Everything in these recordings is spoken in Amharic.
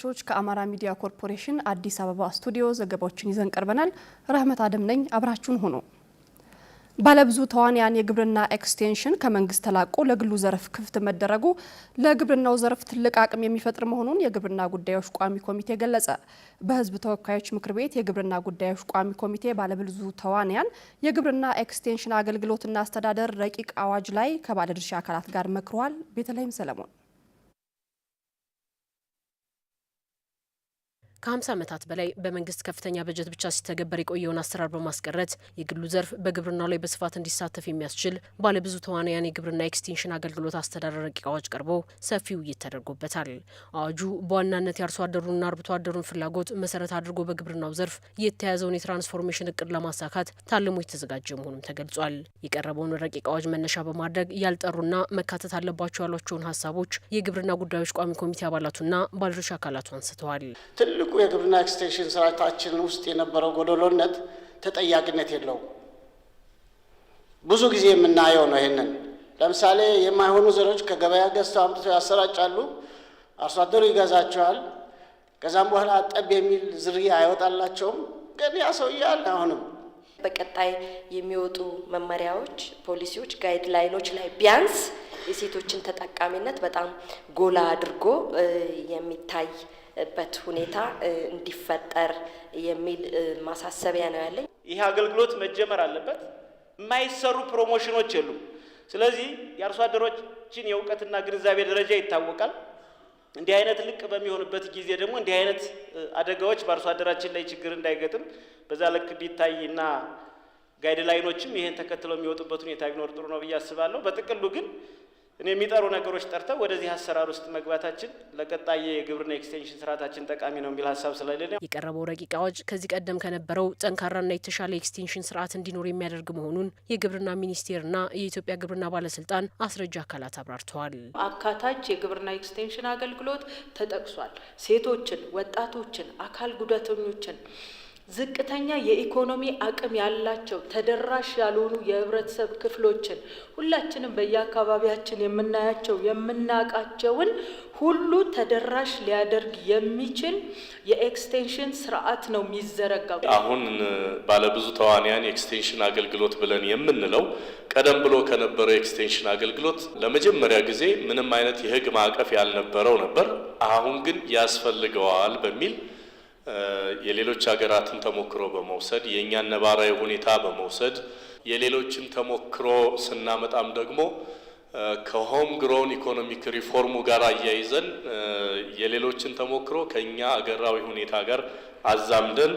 ተመልካቾች ከአማራ ሚዲያ ኮርፖሬሽን አዲስ አበባ ስቱዲዮ ዘገባዎችን ይዘን ቀርበናል። ረህመት አደም ነኝ፣ አብራችሁን ሁኑ። ባለብዙ ተዋንያን የግብርና ኤክስቴንሽን ከመንግስት ተላቆ ለግሉ ዘርፍ ክፍት መደረጉ ለግብርናው ዘርፍ ትልቅ አቅም የሚፈጥር መሆኑን የግብርና ጉዳዮች ቋሚ ኮሚቴ ገለጸ። በህዝብ ተወካዮች ምክር ቤት የግብርና ጉዳዮች ቋሚ ኮሚቴ ባለብዙ ተዋንያን የግብርና ኤክስቴንሽን አገልግሎትና አስተዳደር ረቂቅ አዋጅ ላይ ከባለድርሻ አካላት ጋር መክሯል። ቤተልሔም ሰለሞን ከ50 ዓመታት በላይ በመንግስት ከፍተኛ በጀት ብቻ ሲተገበር የቆየውን አሰራር በማስቀረት የግሉ ዘርፍ በግብርናው ላይ በስፋት እንዲሳተፍ የሚያስችል ባለብዙ ተዋናያን የግብርና ኤክስቴንሽን አገልግሎት አስተዳደር ረቂቅ አዋጅ ቀርቦ ሰፊ ውይይት ተደርጎበታል። አዋጁ በዋናነት የአርሶ አደሩንና አርብቶ አደሩን ፍላጎት መሰረት አድርጎ በግብርናው ዘርፍ የተያዘውን የትራንስፎርሜሽን እቅድ ለማሳካት ታልሞ የተዘጋጀ መሆኑም ተገልጿል። የቀረበውን ረቂቅ አዋጅ መነሻ በማድረግ ያልጠሩና መካተት አለባቸው ያሏቸውን ሀሳቦች የግብርና ጉዳዮች ቋሚ ኮሚቴ አባላቱና ባለድርሻ አካላቱ አንስተዋል። ትልቁ የግብርና ኤክስቴንሽን ስርዓታችን ውስጥ የነበረው ጎደሎነት ተጠያቂነት የለውም። ብዙ ጊዜ የምናየው ነው። ይህንን ለምሳሌ የማይሆኑ ዘሮች ከገበያ ገዝተው አምጥተው ያሰራጫሉ። አርሶ አደሩ ይገዛቸዋል። ከዛም በኋላ ጠብ የሚል ዝርያ አይወጣላቸውም። ግን ያ ሰው አለ አሁንም በቀጣይ የሚወጡ መመሪያዎች፣ ፖሊሲዎች፣ ጋይድላይኖች ላይ ቢያንስ የሴቶችን ተጠቃሚነት በጣም ጎላ አድርጎ የሚታይ በት ሁኔታ እንዲፈጠር የሚል ማሳሰቢያ ነው ያለኝ። ይህ አገልግሎት መጀመር አለበት። የማይሰሩ ፕሮሞሽኖች የሉም። ስለዚህ የአርሶ አደሮችን የእውቀትና ግንዛቤ ደረጃ ይታወቃል። እንዲህ አይነት ልቅ በሚሆንበት ጊዜ ደግሞ እንዲህ አይነት አደጋዎች በአርሶ አደራችን ላይ ችግር እንዳይገጥም በዛ ልክ ቢታይና ጋይድላይኖችም ይህን ተከትለው የሚወጡበት ሁኔታ ቢኖር ጥሩ ነው ብዬ አስባለሁ። በጥቅሉ ግን እኔ የሚጠሩ ነገሮች ጠርተው ወደዚህ አሰራር ውስጥ መግባታችን ለቀጣይ የግብርና ኤክስቴንሽን ስርዓታችን ጠቃሚ ነው የሚል ሀሳብ ስለሌለ የቀረበው ረቂቅ አዋጅ ከዚህ ቀደም ከነበረው ጠንካራና የተሻለ ኤክስቴንሽን ስርዓት እንዲኖር የሚያደርግ መሆኑን የግብርና ሚኒስቴርና የኢትዮጵያ ግብርና ባለስልጣን አስረጃ አካላት አብራርተዋል። አካታች የግብርና ኤክስቴንሽን አገልግሎት ተጠቅሷል። ሴቶችን፣ ወጣቶችን፣ አካል ጉዳተኞችን ዝቅተኛ የኢኮኖሚ አቅም ያላቸው ተደራሽ ያልሆኑ የህብረተሰብ ክፍሎችን ሁላችንም በየአካባቢያችን የምናያቸው የምናውቃቸውን ሁሉ ተደራሽ ሊያደርግ የሚችል የኤክስቴንሽን ስርዓት ነው የሚዘረጋው። አሁን ባለብዙ ተዋንያን የኤክስቴንሽን አገልግሎት ብለን የምንለው ቀደም ብሎ ከነበረው የኤክስቴንሽን አገልግሎት ለመጀመሪያ ጊዜ ምንም አይነት የህግ ማዕቀፍ ያልነበረው ነበር። አሁን ግን ያስፈልገዋል በሚል የሌሎች ሀገራትን ተሞክሮ በመውሰድ የእኛን ነባራዊ ሁኔታ በመውሰድ የሌሎችን ተሞክሮ ስናመጣም ደግሞ ከሆም ግሮን ኢኮኖሚክ ሪፎርሙ ጋር አያይዘን የሌሎችን ተሞክሮ ከእኛ አገራዊ ሁኔታ ጋር አዛምደን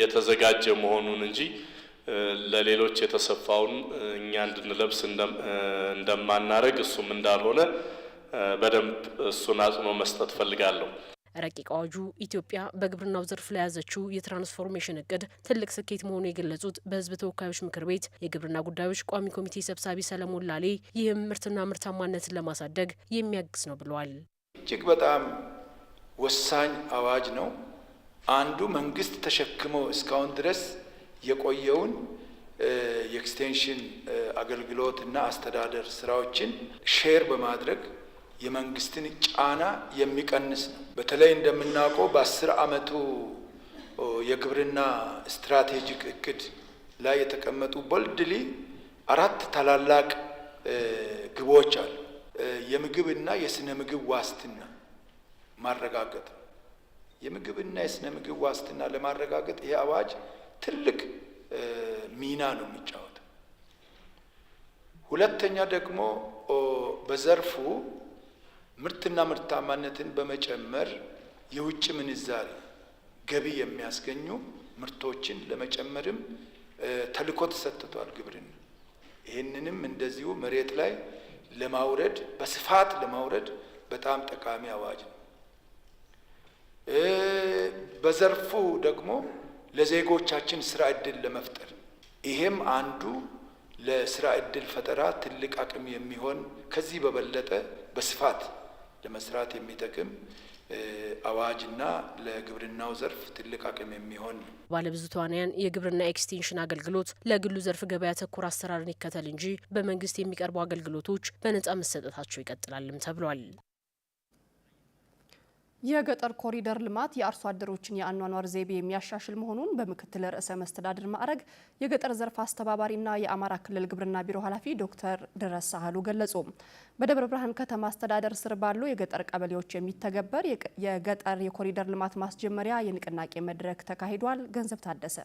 የተዘጋጀ መሆኑን እንጂ ለሌሎች የተሰፋውን እኛ እንድንለብስ እንደማናረግ እሱም እንዳልሆነ በደንብ እሱን አጽንኦ መስጠት ፈልጋለሁ። ረቂቅ አዋጁ ኢትዮጵያ በግብርናው ዘርፍ ለያዘችው የትራንስፎርሜሽን እቅድ ትልቅ ስኬት መሆኑ የገለጹት በሕዝብ ተወካዮች ምክር ቤት የግብርና ጉዳዮች ቋሚ ኮሚቴ ሰብሳቢ ሰለሞን ላሌ ይህም ምርትና ምርታማነትን ለማሳደግ የሚያግዝ ነው ብለዋል። እጅግ በጣም ወሳኝ አዋጅ ነው። አንዱ መንግስት ተሸክሞ እስካሁን ድረስ የቆየውን የኤክስቴንሽን አገልግሎት እና አስተዳደር ስራዎችን ሼር በማድረግ የመንግስትን ጫና የሚቀንስ ነው። በተለይ እንደምናውቀው በአስር አመቱ የግብርና ስትራቴጂክ እቅድ ላይ የተቀመጡ ቦልድሊ አራት ታላላቅ ግቦች አሉ። የምግብና የስነ ምግብ ዋስትና ማረጋገጥ የምግብና የስነ ምግብ ዋስትና ለማረጋገጥ ይህ አዋጅ ትልቅ ሚና ነው የሚጫወተው። ሁለተኛ ደግሞ በዘርፉ ምርትና ምርታማነትን በመጨመር የውጭ ምንዛሪ ገቢ የሚያስገኙ ምርቶችን ለመጨመርም ተልኮ ተሰጥቷል ግብርና። ይህንንም እንደዚሁ መሬት ላይ ለማውረድ በስፋት ለማውረድ በጣም ጠቃሚ አዋጅ ነው። በዘርፉ ደግሞ ለዜጎቻችን ስራ እድል ለመፍጠር ይሄም አንዱ ለስራ እድል ፈጠራ ትልቅ አቅም የሚሆን ከዚህ በበለጠ በስፋት ለመስራት የሚጠቅም አዋጅና ለግብርናው ዘርፍ ትልቅ አቅም የሚሆን ባለብዙ ተዋንያን የግብርና ኤክስቴንሽን አገልግሎት ለግሉ ዘርፍ ገበያ ተኮር አሰራርን ይከተል እንጂ በመንግስት የሚቀርቡ አገልግሎቶች በነጻ መሰጠታቸው ይቀጥላልም ተብሏል። የገጠር ኮሪደር ልማት የአርሶ አደሮችን የአኗኗር ዘይቤ የሚያሻሽል መሆኑን በምክትል ርዕሰ መስተዳድር ማዕረግ የገጠር ዘርፍ አስተባባሪና የአማራ ክልል ግብርና ቢሮ ኃላፊ ዶክተር ድረስ ሳህሉ ገለጹ። በደብረ ብርሃን ከተማ አስተዳደር ስር ባሉ የገጠር ቀበሌዎች የሚተገበር የገጠር የኮሪደር ልማት ማስጀመሪያ የንቅናቄ መድረክ ተካሂዷል። ገንዘብ ታደሰ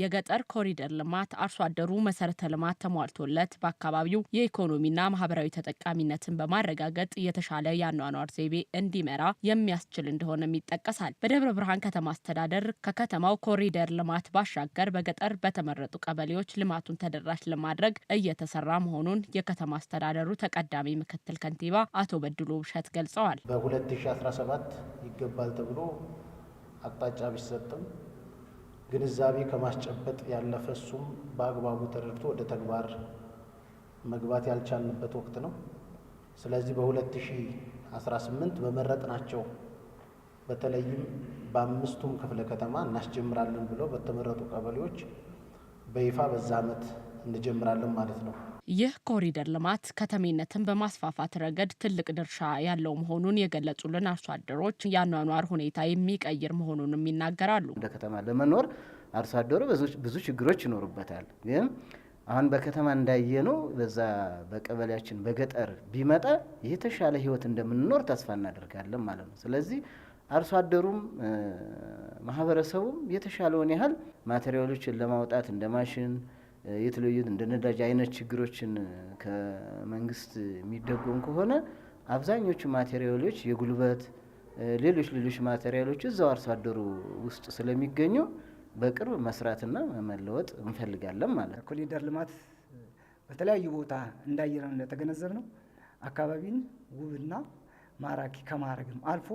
የገጠር ኮሪደር ልማት አርሶ አደሩ መሰረተ ልማት ተሟልቶለት በአካባቢው የኢኮኖሚና ማህበራዊ ተጠቃሚነትን በማረጋገጥ የተሻለ የአኗኗር ዘይቤ እንዲመራ የሚያስችል እንደሆነም ይጠቀሳል። በደብረ ብርሃን ከተማ አስተዳደር ከከተማው ኮሪደር ልማት ባሻገር በገጠር በተመረጡ ቀበሌዎች ልማቱን ተደራሽ ለማድረግ እየተሰራ መሆኑን የከተማ አስተዳደሩ ተቀዳሚ ምክትል ከንቲባ አቶ በድሉ ውብሸት ገልጸዋል። በ2017 ይገባል ተብሎ አቅጣጫ ቢሰጥም ግንዛቤ ከማስጨበጥ ያለፈ እሱም በአግባቡ ተረድቶ ወደ ተግባር መግባት ያልቻልንበት ወቅት ነው። ስለዚህ በ2018 በመረጥ ናቸው። በተለይም በአምስቱም ክፍለ ከተማ እናስጀምራለን ብለው በተመረጡ ቀበሌዎች በይፋ በዛ ዓመት እንጀምራለን ማለት ነው። ይህ ኮሪደር ልማት ከተሜነትን በማስፋፋት ረገድ ትልቅ ድርሻ ያለው መሆኑን የገለጹልን አርሶ አደሮች የአኗኗር ሁኔታ የሚቀይር መሆኑንም ይናገራሉ። እንደ ከተማ ለመኖር አርሶ አደሩ ብዙ ችግሮች ይኖሩበታል። ግን አሁን በከተማ እንዳየነው በዛ በቀበሌያችን በገጠር ቢመጣ የተሻለ ህይወት እንደምንኖር ተስፋ እናደርጋለን ማለት ነው። ስለዚህ አርሶ አደሩም ማህበረሰቡም የተሻለውን ያህል ማቴሪያሎችን ለማውጣት እንደ ማሽን የተለዩ እንደ ነዳጅ አይነት ችግሮችን ከመንግስት የሚደጎም ከሆነ አብዛኞቹ ማቴሪያሎች የጉልበት ሌሎች ሌሎች ማቴሪያሎች እዛው አርሶ አደሩ ውስጥ ስለሚገኙ በቅርብ መስራትና መለወጥ እንፈልጋለን ማለት ነው። ኮሪደር ልማት በተለያዩ ቦታ እንዳየነው እንደተገነዘብ ነው አካባቢን ውብና ማራኪ ከማድረግም አልፎ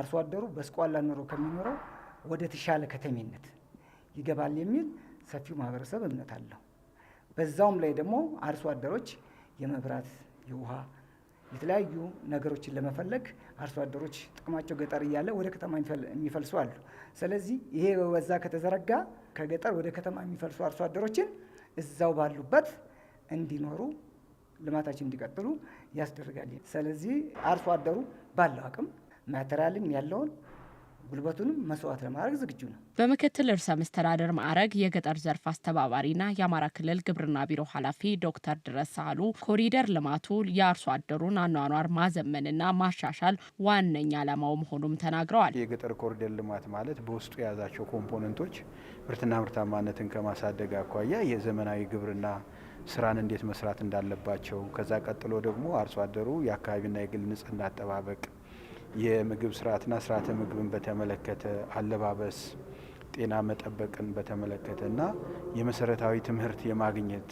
አርሶ አደሩ በስቋላ ኑሮ ከሚኖረው ወደ ተሻለ ከተሜነት ይገባል የሚል ሰፊው ማህበረሰብ እምነት አለው። በዛውም ላይ ደግሞ አርሶ አደሮች የመብራት፣ የውሃ የተለያዩ ነገሮችን ለመፈለግ አርሶ አደሮች ጥቅማቸው ገጠር እያለ ወደ ከተማ የሚፈልሱ አሉ። ስለዚህ ይሄ በዛ ከተዘረጋ ከገጠር ወደ ከተማ የሚፈልሱ አርሶ አደሮችን እዛው ባሉበት እንዲኖሩ ልማታችን እንዲቀጥሉ ያስደርጋል። ስለዚህ አርሶ አደሩ ባለው አቅም ማቴሪያልም ያለውን ጉልበቱንም መስዋዕት ለማድረግ ዝግጁ ነው። በምክትል ርዕሰ መስተዳደር ማዕረግ የገጠር ዘርፍ አስተባባሪና የአማራ ክልል ግብርና ቢሮ ኃላፊ ዶክተር ድረስ አሉ ኮሪደር ልማቱ የአርሶ አደሩን አኗኗር ማዘመንና ማሻሻል ዋነኛ ዓላማው መሆኑም ተናግረዋል። የገጠር ኮሪደር ልማት ማለት በውስጡ የያዛቸው ኮምፖነንቶች ምርትና ምርታማነትን ከማሳደግ አኳያ የዘመናዊ ግብርና ስራን እንዴት መስራት እንዳለባቸው ከዛ ቀጥሎ ደግሞ አርሶ አደሩ የአካባቢና የግል ንጽህና አጠባበቅ የምግብ ስርዓትና ስርዓተ ምግብን በተመለከተ አለባበስ፣ ጤና መጠበቅን በተመለከተ እና የመሰረታዊ ትምህርት የማግኘት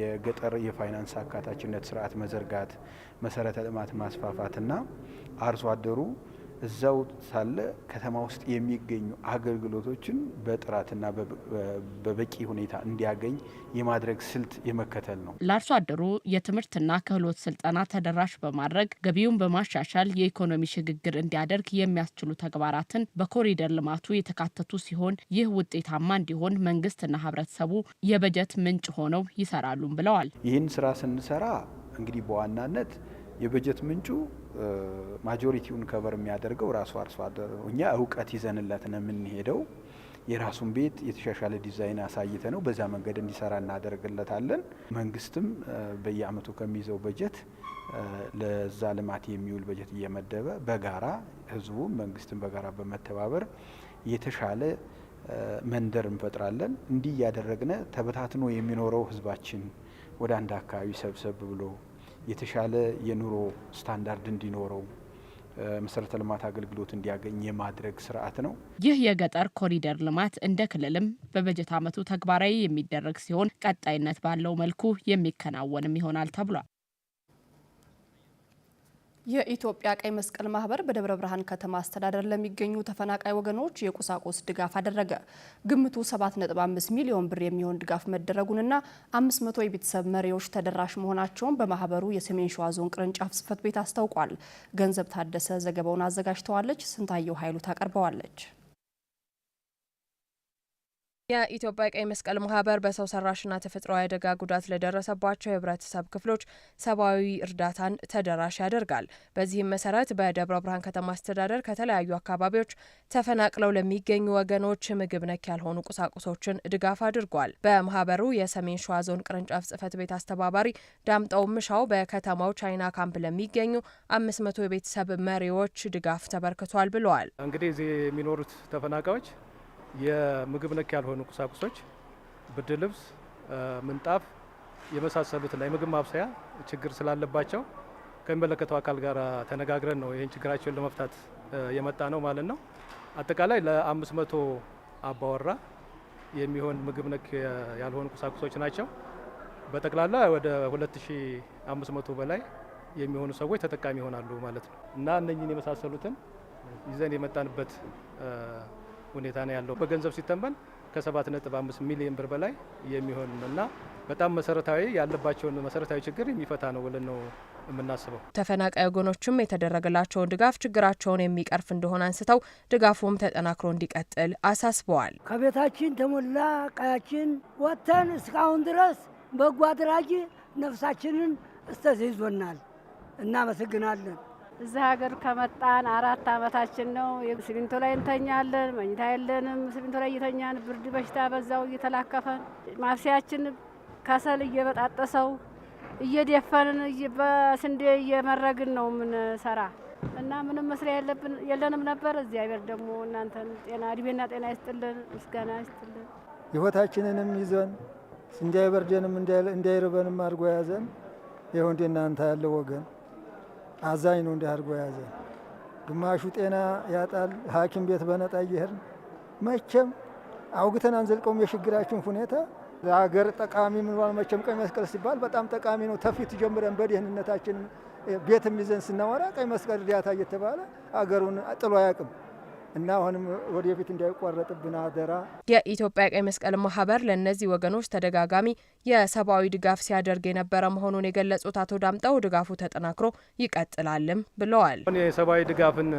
የገጠር የፋይናንስ አካታችነት ስርዓት መዘርጋት፣ መሰረተ ልማት ማስፋፋትና አርሶ አደሩ እዛው ሳለ ከተማ ውስጥ የሚገኙ አገልግሎቶችን በጥራትና በበቂ ሁኔታ እንዲያገኝ የማድረግ ስልት የመከተል ነው። ለአርሶ አደሩ የትምህርትና ክህሎት ስልጠና ተደራሽ በማድረግ ገቢውን በማሻሻል የኢኮኖሚ ሽግግር እንዲያደርግ የሚያስችሉ ተግባራትን በኮሪደር ልማቱ የተካተቱ ሲሆን ይህ ውጤታማ እንዲሆን መንግስትና ህብረተሰቡ የበጀት ምንጭ ሆነው ይሰራሉም ብለዋል። ይህን ስራ ስንሰራ እንግዲህ በዋናነት የበጀት ምንጩ ማጆሪቲውን ከበር የሚያደርገው ራሱ አርሶ አደር እኛ እውቀት ይዘንለት ነው የምንሄደው። የራሱን ቤት የተሻሻለ ዲዛይን አሳይተ ነው በዛ መንገድ እንዲሰራ እናደርግለታለን። መንግስትም በየአመቱ ከሚይዘው በጀት ለዛ ልማት የሚውል በጀት እየመደበ በጋራ ህዝቡም መንግስትም በጋራ በመተባበር የተሻለ መንደር እንፈጥራለን። እንዲህ እያደረግነ ተበታትኖ የሚኖረው ህዝባችን ወደ አንድ አካባቢ ሰብሰብ ብሎ የተሻለ የኑሮ ስታንዳርድ እንዲኖረው መሰረተ ልማት አገልግሎት እንዲያገኝ የማድረግ ስርዓት ነው። ይህ የገጠር ኮሪደር ልማት እንደ ክልልም በበጀት ዓመቱ ተግባራዊ የሚደረግ ሲሆን ቀጣይነት ባለው መልኩ የሚከናወንም ይሆናል ተብሏል። የኢትዮጵያ ቀይ መስቀል ማህበር በደብረ ብርሃን ከተማ አስተዳደር ለሚገኙ ተፈናቃይ ወገኖች የቁሳቁስ ድጋፍ አደረገ። ግምቱ 7.5 ሚሊዮን ብር የሚሆን ድጋፍ መደረጉንና 500 የቤተሰብ መሪዎች ተደራሽ መሆናቸውን በማህበሩ የሰሜን ሸዋ ዞን ቅርንጫፍ ጽፈት ቤት አስታውቋል። ገንዘብ ታደሰ ዘገባውን አዘጋጅተዋለች። ስንታየው ኃይሉ ታቀርበዋለች። የኢትዮጵያ ቀይ መስቀል ማህበር በሰው ሰራሽና ተፈጥሯዊ አደጋ ጉዳት ለደረሰባቸው የህብረተሰብ ክፍሎች ሰብአዊ እርዳታን ተደራሽ ያደርጋል። በዚህም መሰረት በደብረ ብርሃን ከተማ አስተዳደር ከተለያዩ አካባቢዎች ተፈናቅለው ለሚገኙ ወገኖች ምግብ ነክ ያልሆኑ ቁሳቁሶችን ድጋፍ አድርጓል። በማህበሩ የሰሜን ሸዋ ዞን ቅርንጫፍ ጽህፈት ቤት አስተባባሪ ዳምጠው ምሻው በከተማው ቻይና ካምፕ ለሚገኙ አምስት መቶ የቤተሰብ መሪዎች ድጋፍ ተበርክቷል ብለዋል። እንግዲህ እዚህ የሚኖሩት ተፈናቃዮች የምግብ ነክ ያልሆኑ ቁሳቁሶች፣ ብርድ ልብስ፣ ምንጣፍ የመሳሰሉትና የምግብ ማብሰያ ችግር ስላለባቸው ከሚመለከተው አካል ጋር ተነጋግረን ነው ይህን ችግራቸውን ለመፍታት የመጣ ነው ማለት ነው። አጠቃላይ ለአምስት መቶ አባወራ የሚሆን ምግብ ነክ ያልሆኑ ቁሳቁሶች ናቸው። በጠቅላላ ወደ 2500 በላይ የሚሆኑ ሰዎች ተጠቃሚ ይሆናሉ ማለት ነው እና እነኝን የመሳሰሉትን ይዘን የመጣንበት ሁኔታ ነው ያለው። በገንዘብ ሲተመን ከ7.5 ሚሊዮን ብር በላይ የሚሆን እና በጣም መሰረታዊ ያለባቸውን መሰረታዊ ችግር የሚፈታ ነው ብለን ነው የምናስበው። ተፈናቃይ ወገኖችም የተደረገላቸውን ድጋፍ ችግራቸውን የሚቀርፍ እንደሆነ አንስተው ድጋፉም ተጠናክሮ እንዲቀጥል አሳስበዋል። ከቤታችን ተሞላ ቀያችን ወጥተን እስካሁን ድረስ በጎ አድራጊ ነፍሳችንን እስተዚህ ይዞናል። እናመሰግናለን። እዚህ ሀገር ከመጣን አራት አመታችን ነው። ሲሚንቶ ላይ እንተኛለን፣ መኝታ የለንም። ሲሚንቶ ላይ እየተኛን ብርድ በሽታ በዛው እየተላከፈን ማብሰያችን ከሰል እየበጣጠሰው እየደፈንን በስንዴ እየመረግን ነው የምንሰራ እና ምንም መስሪያ የለንም ነበር። እግዚአብሔር ደግሞ እናንተን ጤና እድሜና ጤና ይስጥልን፣ ምስጋና ይስጥልን። ህይወታችንንም ይዘን እንዳይበርደንም እንዳይርበንም አድርጎ ያዘን ይኸው እናንተ ያለ ወገን አዛኝ ነው። እንዲህ አድርጎ የያዘ ግማሹ ጤና ያጣል። ሐኪም ቤት በነጣ እየሄድን መቼም አውግተን አንዘልቀውም የችግራችን ሁኔታ ለሀገር ጠቃሚ ምንባል መቼም ቀይ መስቀል ሲባል በጣም ጠቃሚ ነው። ተፊት ጀምረን በደህንነታችን ቤት የሚዘን ስናወራ ቀይ መስቀል እርዳታ እየተባለ አገሩን ጥሎ አያውቅም። እና አሁንም ወደፊት እንዳይቋረጥብን አደራ። የኢትዮጵያ ቀይ መስቀል ማህበር ለእነዚህ ወገኖች ተደጋጋሚ የሰብአዊ ድጋፍ ሲያደርግ የነበረ መሆኑን የገለጹት አቶ ዳምጠው ድጋፉ ተጠናክሮ ይቀጥላልም ብለዋል። የሰብአዊ ድጋፍን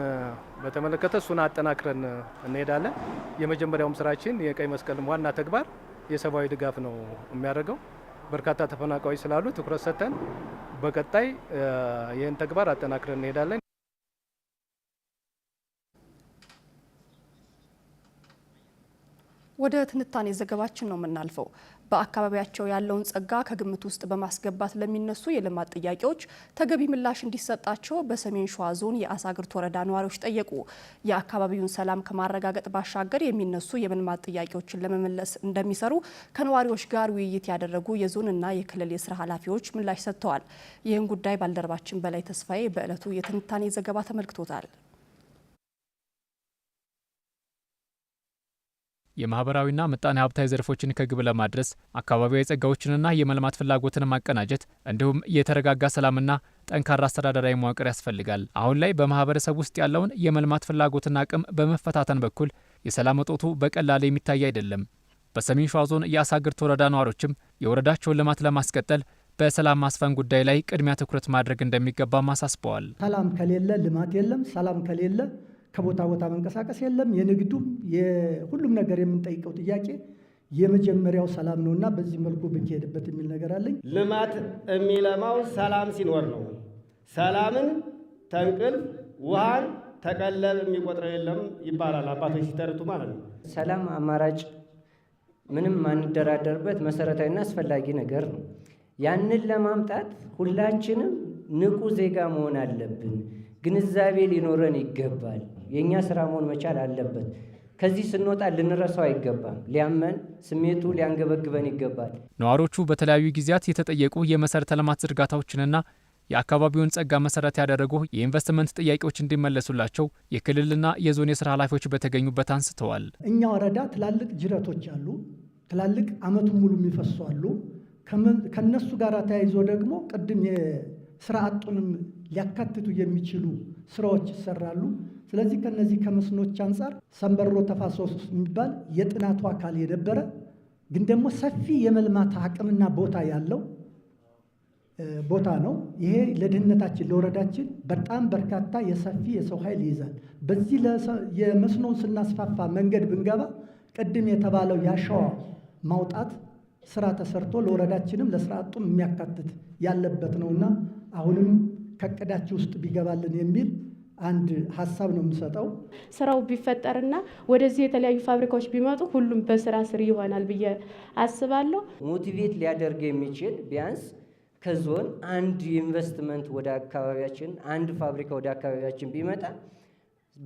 በተመለከተ እሱን አጠናክረን እንሄዳለን። የመጀመሪያውም ስራችን የቀይ መስቀል ዋና ተግባር የሰብአዊ ድጋፍ ነው የሚያደርገው በርካታ ተፈናቃዮች ስላሉ ትኩረት ሰጥተን በቀጣይ ይህን ተግባር አጠናክረን እንሄዳለን። ወደ ትንታኔ ዘገባችን ነው የምናልፈው። በአካባቢያቸው ያለውን ጸጋ ከግምት ውስጥ በማስገባት ለሚነሱ የልማት ጥያቄዎች ተገቢ ምላሽ እንዲሰጣቸው በሰሜን ሸዋ ዞን የአሳ ግርት ወረዳ ነዋሪዎች ጠየቁ። የአካባቢውን ሰላም ከማረጋገጥ ባሻገር የሚነሱ የልማት ጥያቄዎችን ለመመለስ እንደሚሰሩ ከነዋሪዎች ጋር ውይይት ያደረጉ የዞንና የክልል የስራ ኃላፊዎች ምላሽ ሰጥተዋል። ይህን ጉዳይ ባልደረባችን በላይ ተስፋዬ በዕለቱ የትንታኔ ዘገባ ተመልክቶታል። የማህበራዊና ምጣኔ ሀብታዊ ዘርፎችን ከግብ ለማድረስ አካባቢያዊ ጸጋዎችንና የመልማት ፍላጎትን ማቀናጀት እንዲሁም የተረጋጋ ሰላምና ጠንካራ አስተዳደራዊ መዋቅር ያስፈልጋል። አሁን ላይ በማህበረሰብ ውስጥ ያለውን የመልማት ፍላጎትና አቅም በመፈታተን በኩል የሰላም እጦቱ በቀላል የሚታይ አይደለም። በሰሜን ሸዋ ዞን የአሳግርት ወረዳ ነዋሪዎችም የወረዳቸውን ልማት ለማስቀጠል በሰላም ማስፈን ጉዳይ ላይ ቅድሚያ ትኩረት ማድረግ እንደሚገባም አሳስበዋል። ሰላም ከሌለ ልማት የለም። ሰላም ከሌለ ከቦታ ቦታ መንቀሳቀስ የለም። የንግዱም የሁሉም ነገር የምንጠይቀው ጥያቄ የመጀመሪያው ሰላም ነው እና በዚህ መልኩ ብንሄድበት የሚል ነገር አለኝ። ልማት የሚለማው ሰላም ሲኖር ነው። ሰላምን ተንቅልፍ ውሃን ተቀለብ የሚቆጥረው የለም ይባላል አባቶች ሲተርቱ ማለት ነው። ሰላም አማራጭ ምንም ማንደራደርበት መሰረታዊና አስፈላጊ ነገር ነው። ያንን ለማምጣት ሁላችንም ንቁ ዜጋ መሆን አለብን። ግንዛቤ ሊኖረን ይገባል። የእኛ ስራ መሆን መቻል አለበት። ከዚህ ስንወጣ ልንረሳው አይገባም። ሊያመን ስሜቱ ሊያንገበግበን ይገባል። ነዋሪዎቹ በተለያዩ ጊዜያት የተጠየቁ የመሰረተ ልማት ዝርጋታዎችንና የአካባቢውን ጸጋ መሰረት ያደረጉ የኢንቨስትመንት ጥያቄዎች እንዲመለሱላቸው የክልልና የዞን የስራ ኃላፊዎች በተገኙበት አንስተዋል። እኛ ወረዳ ትላልቅ ጅረቶች አሉ፣ ትላልቅ አመቱን ሙሉ የሚፈሱ አሉ። ከነሱ ጋር ተያይዞ ደግሞ ቅድም የስራ አጡንም ሊያካትቱ የሚችሉ ስራዎች ይሰራሉ። ስለዚህ ከነዚህ ከመስኖች አንጻር ሰንበሮ ተፋሰስ የሚባል የጥናቱ አካል የነበረ ግን ደግሞ ሰፊ የመልማት አቅምና ቦታ ያለው ቦታ ነው። ይሄ ለድህነታችን ለወረዳችን በጣም በርካታ የሰፊ የሰው ኃይል ይይዛል። በዚህ የመስኖን ስናስፋፋ መንገድ ብንገባ ቅድም የተባለው የአሸዋ ማውጣት ስራ ተሰርቶ ለወረዳችንም ለስራ አጡም የሚያካትት ያለበት ነውና አሁንም ከእቅዳችሁ ውስጥ ቢገባልን የሚል አንድ ሀሳብ ነው የምሰጠው። ስራው ቢፈጠርና ወደዚህ የተለያዩ ፋብሪካዎች ቢመጡ ሁሉም በስራ ስር ይሆናል ብዬ አስባለሁ። ሞቲቬት ሊያደርግ የሚችል ቢያንስ ከዞን አንድ ኢንቨስትመንት ወደ አካባቢያችን፣ አንድ ፋብሪካ ወደ አካባቢያችን ቢመጣ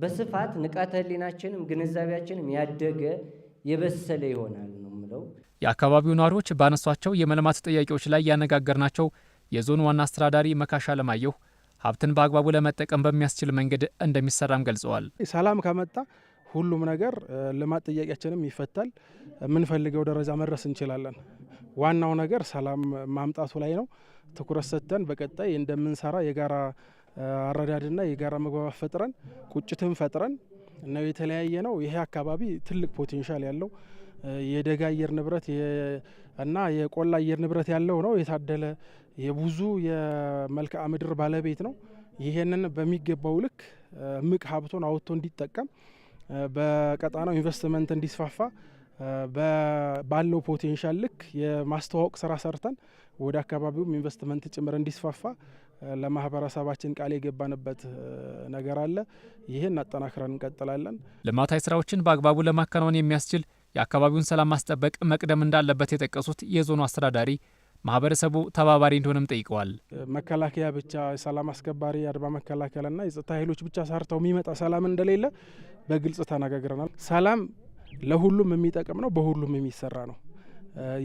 በስፋት ንቃተ ህሊናችንም ግንዛቤያችንም ያደገ የበሰለ ይሆናል ነው የምለው። የአካባቢው ነዋሪዎች ባነሷቸው የመልማት ጥያቄዎች ላይ ያነጋገርናቸው የዞኑ ዋና አስተዳዳሪ መካሻ ለማየሁ ሀብትን በአግባቡ ለመጠቀም በሚያስችል መንገድ እንደሚሰራም ገልጸዋል። ሰላም ከመጣ ሁሉም ነገር ልማት ጥያቄያችንም ይፈታል፣ የምንፈልገው ደረጃ መድረስ እንችላለን። ዋናው ነገር ሰላም ማምጣቱ ላይ ነው። ትኩረት ሰጥተን በቀጣይ እንደምንሰራ የጋራ አረዳድና የጋራ መግባባት ፈጥረን ቁጭትም ፈጥረን ነው የተለያየ ነው። ይሄ አካባቢ ትልቅ ፖቴንሻል ያለው የደጋ አየር ንብረት እና የቆላ አየር ንብረት ያለው ነው። የታደለ የብዙ የመልክዓ ምድር ባለቤት ነው። ይሄንን በሚገባው ልክ ምቅ ሀብቶን አውጥቶ እንዲጠቀም በቀጣናው ኢንቨስትመንት እንዲስፋፋ ባለው ፖቴንሻል ልክ የማስተዋወቅ ስራ ሰርተን ወደ አካባቢውም ኢንቨስትመንት ጭምር እንዲስፋፋ ለማህበረሰባችን ቃል የገባንበት ነገር አለ። ይህን አጠናክረን እንቀጥላለን። ልማታዊ ስራዎችን በአግባቡ ለማከናወን የሚያስችል የአካባቢውን ሰላም ማስጠበቅ መቅደም እንዳለበት የጠቀሱት የዞኑ አስተዳዳሪ ማህበረሰቡ ተባባሪ እንደሆነም ጠይቀዋል። መከላከያ ብቻ ሰላም አስከባሪ አድማ መከላከልና የጸጥታ ኃይሎች ብቻ ሰርተው የሚመጣ ሰላም እንደሌለ በግልጽ ተነጋግረናል። ሰላም ለሁሉም የሚጠቅም ነው፣ በሁሉም የሚሰራ ነው።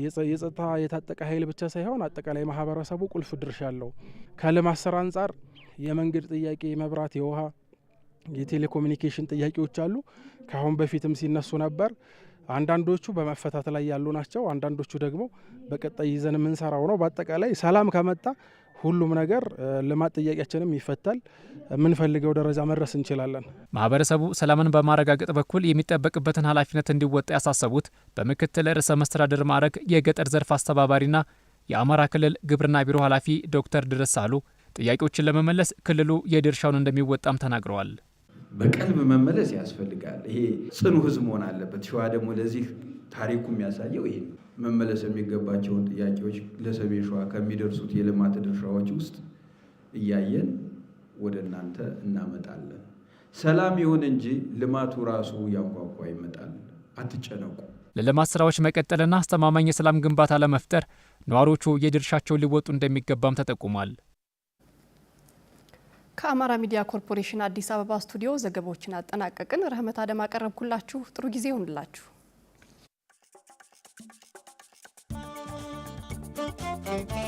የጸጥታ የታጠቀ ኃይል ብቻ ሳይሆን አጠቃላይ ማህበረሰቡ ቁልፍ ድርሻ አለው። ከልማት ስራ አንጻር የመንገድ ጥያቄ፣ የመብራት፣ የውሃ፣ የቴሌኮሙኒኬሽን ጥያቄዎች አሉ። ከአሁን በፊትም ሲነሱ ነበር። አንዳንዶቹ በመፈታት ላይ ያሉ ናቸው። አንዳንዶቹ ደግሞ በቀጣይ ይዘን የምንሰራው ነው። በአጠቃላይ ሰላም ከመጣ ሁሉም ነገር ልማት ጥያቄያችንም ይፈታል። የምንፈልገው ደረጃ መድረስ እንችላለን። ማህበረሰቡ ሰላምን በማረጋገጥ በኩል የሚጠበቅበትን ኃላፊነት እንዲወጣ ያሳሰቡት በምክትል ርዕሰ መስተዳድር ማዕረግ የገጠር ዘርፍ አስተባባሪና የአማራ ክልል ግብርና ቢሮ ኃላፊ ዶክተር ድረስ አሉ ጥያቄዎችን ለመመለስ ክልሉ የድርሻውን እንደሚወጣም ተናግረዋል። በቀልብ መመለስ ያስፈልጋል። ይሄ ጽኑ ህዝብ መሆን አለበት። ሸዋ ደግሞ ለዚህ ታሪኩ የሚያሳየው ይሄ መመለስ የሚገባቸውን ጥያቄዎች ለሰሜን ሸዋ ከሚደርሱት የልማት ድርሻዎች ውስጥ እያየን ወደ እናንተ እናመጣለን። ሰላም ይሁን እንጂ ልማቱ ራሱ ያንኳኳ ይመጣል። አትጨነቁ። ለልማት ስራዎች መቀጠልና አስተማማኝ የሰላም ግንባታ ለመፍጠር ነዋሪዎቹ የድርሻቸውን ሊወጡ እንደሚገባም ተጠቁሟል። ከአማራ ሚዲያ ኮርፖሬሽን አዲስ አበባ ስቱዲዮ ዘገባዎችን አጠናቀቅን። ረህመት አደም አቀረብኩላችሁ። ጥሩ ጊዜ you.